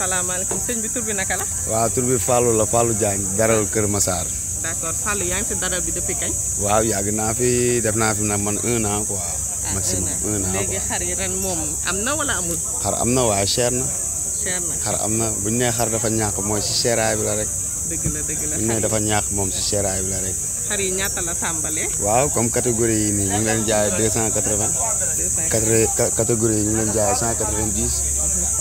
salaamaaleykum sëñ bi tur bi naka la. waaw tur bi la daral Kër Massar. d' accord yaa ngi daral bi depuis kañ. waaw yàgg naa fi def naa fi nag man un an quoi. Ah, maximum un an léegi xar yi ren moom am na wala amul. xar am na waaye cher na. cher na xar am na bu ñu nee xar dafa ñàkk mooy si seeraay bi la rek. dëgg la dëgg la bu ñu dafa ñàkk moom si seeraay bi la rek. xar yi ñaata la tàmbalee. waaw comme catégorie yi nii ñu leen jaay deux cent quatre vingt. catégorie yi ñu leen jaay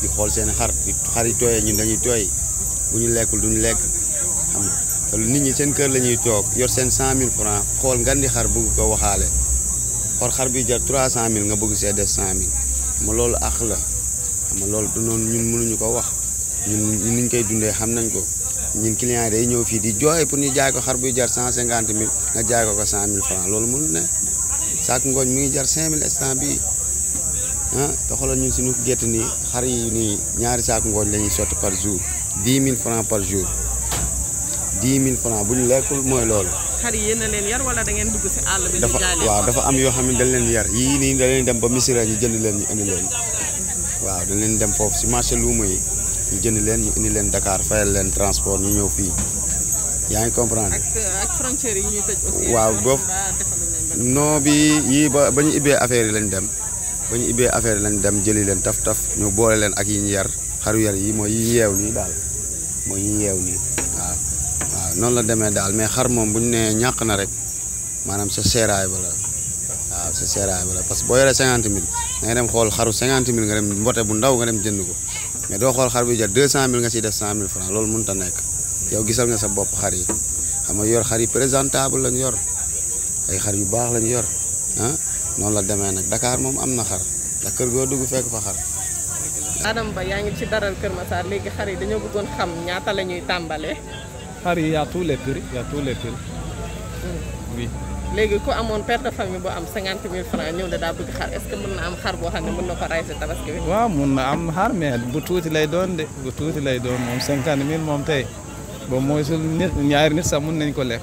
di xool seen xar di xar yi tooyee ñun dañuy tooy bu ñu lekkul duñu lekk xam nga te nit ñi seen kër la ñuy toog yor seen cent mille franc xool ngan di xar bëgg ko waxaale xor xar bi jar trois cent mille nga bëgg see def cent mille ma loolu àq la xam nga noonu ñun mënuñu ko wax ñun niñ koy dundee xam nañ ko ñun client yi day ñëw fii di jooy pour ñu jaay ko xar buy jar cent cinquante mille nga jaay ko ko cent mille franc loolu mënul ne saako ngooñ mu ngi jar cinq mille instant bii. ah te ñun suñu gerte ni xar yi ni ñaari saaku ngooñ lañuy ñuy sotti par jour 10000 francs par jour 10000 francs franc bu ñu lekkul mooy loolu. xar yi yéen leen yar wala da ngeen dugg si àll bi. dafa waaw dafa am yoo xam ne dañ leen yar yii nii da leen dem ba Misira ñu jënd leen ñu indi leen waaw dañ leen dem foofu si marché luuma yi ñu jënd leen ñu indi leen Dakar fayal leen transport ñu ñëw fii yaa ngi comprendre. ak ak frontières yi ñuy tëj aussi. waaw boobu non bi yii ba ba ñu ibbee affaire yi lañ dem bañu ibé affaire lañ dem jëli leen taf taf ñu boole leen ak yi ñu yar xaru yar yi moy yi yew ni dal moy yi yew ni waaw non la démé dal mais xar mom buñ né ñak na rek manam sa seeraay wala la waaw sa seeraay wala parce que boo yoree cinquante mille ngay dem xol xaru 50000 nga dem mboté bu ndaw nga dem jënd ko mais do xol xar bu jar 200000 nga ci def 100000 francs lool mën ta nek yow gisal nga sa bop xar yi xam nga yor xar yi présentable lañ yor ay xar yu baax lañ yor ah noonu la demee nag dakaar moom am na xar ndax kër goo dugg fekk fa xar. Adama Ba yaa ngi ci daral Kër Massar léegi xar yi dañoo bëggoon xam ñaata la ñuy tàmbalee. xar yi y' a tous les prix y' les hmm. léegi ku amoon père de famille bu am cinquante mille francs ñëw ne daa bëgg xar est ce na am xar boo xam ne mën na ko rey si waaw mun na am xar mais bu tuuti lay doon de bu tuuti lay doon moom cinquante mille moom tey ba mooy su nit ñaari nit sax mun nañ ko lekk.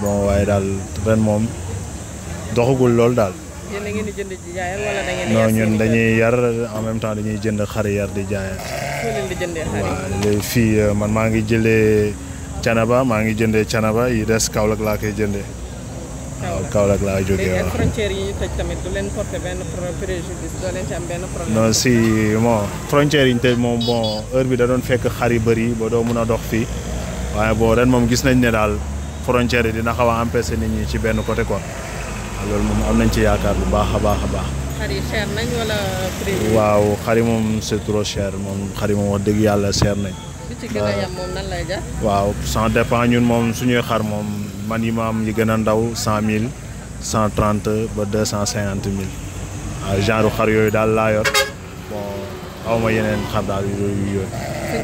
bon waaye daal ren moom doxagul loolu daal. yéen dañuy yar en même temps dañuy jënd xar yar di jaayal. soo waaw fii euh, man maa ngi jëlee canaba maa ngi jëndee canaba yi des Kaolack laa koy jënde waaw laa jógee waaw frontières yi ñu tëj si bon yi ñu tëj moom bon heure bi da doon fekk xar yu bëri ba doo mun a dox fii waaye bon ren moom gis nañ ne daal. frontière dina xaw a empêcher nit ñi ci benn côté quoi ah, loolu moom am nañ ci yaakaar bu baax a baax a baax. xar waaw xar moom c'est trop cher moom xar yi moom wax dëgg yàlla seer nañ. bi ci gën a yem moom waaw ça dépend ñun moom suñuy xar moom man yi ma am yi gën a ndaw cent mille cent trente ba deux cent cinquante mille ah, genre xar yooyu daal laa yor bon aw ma yeneen xar daal yu yooyu.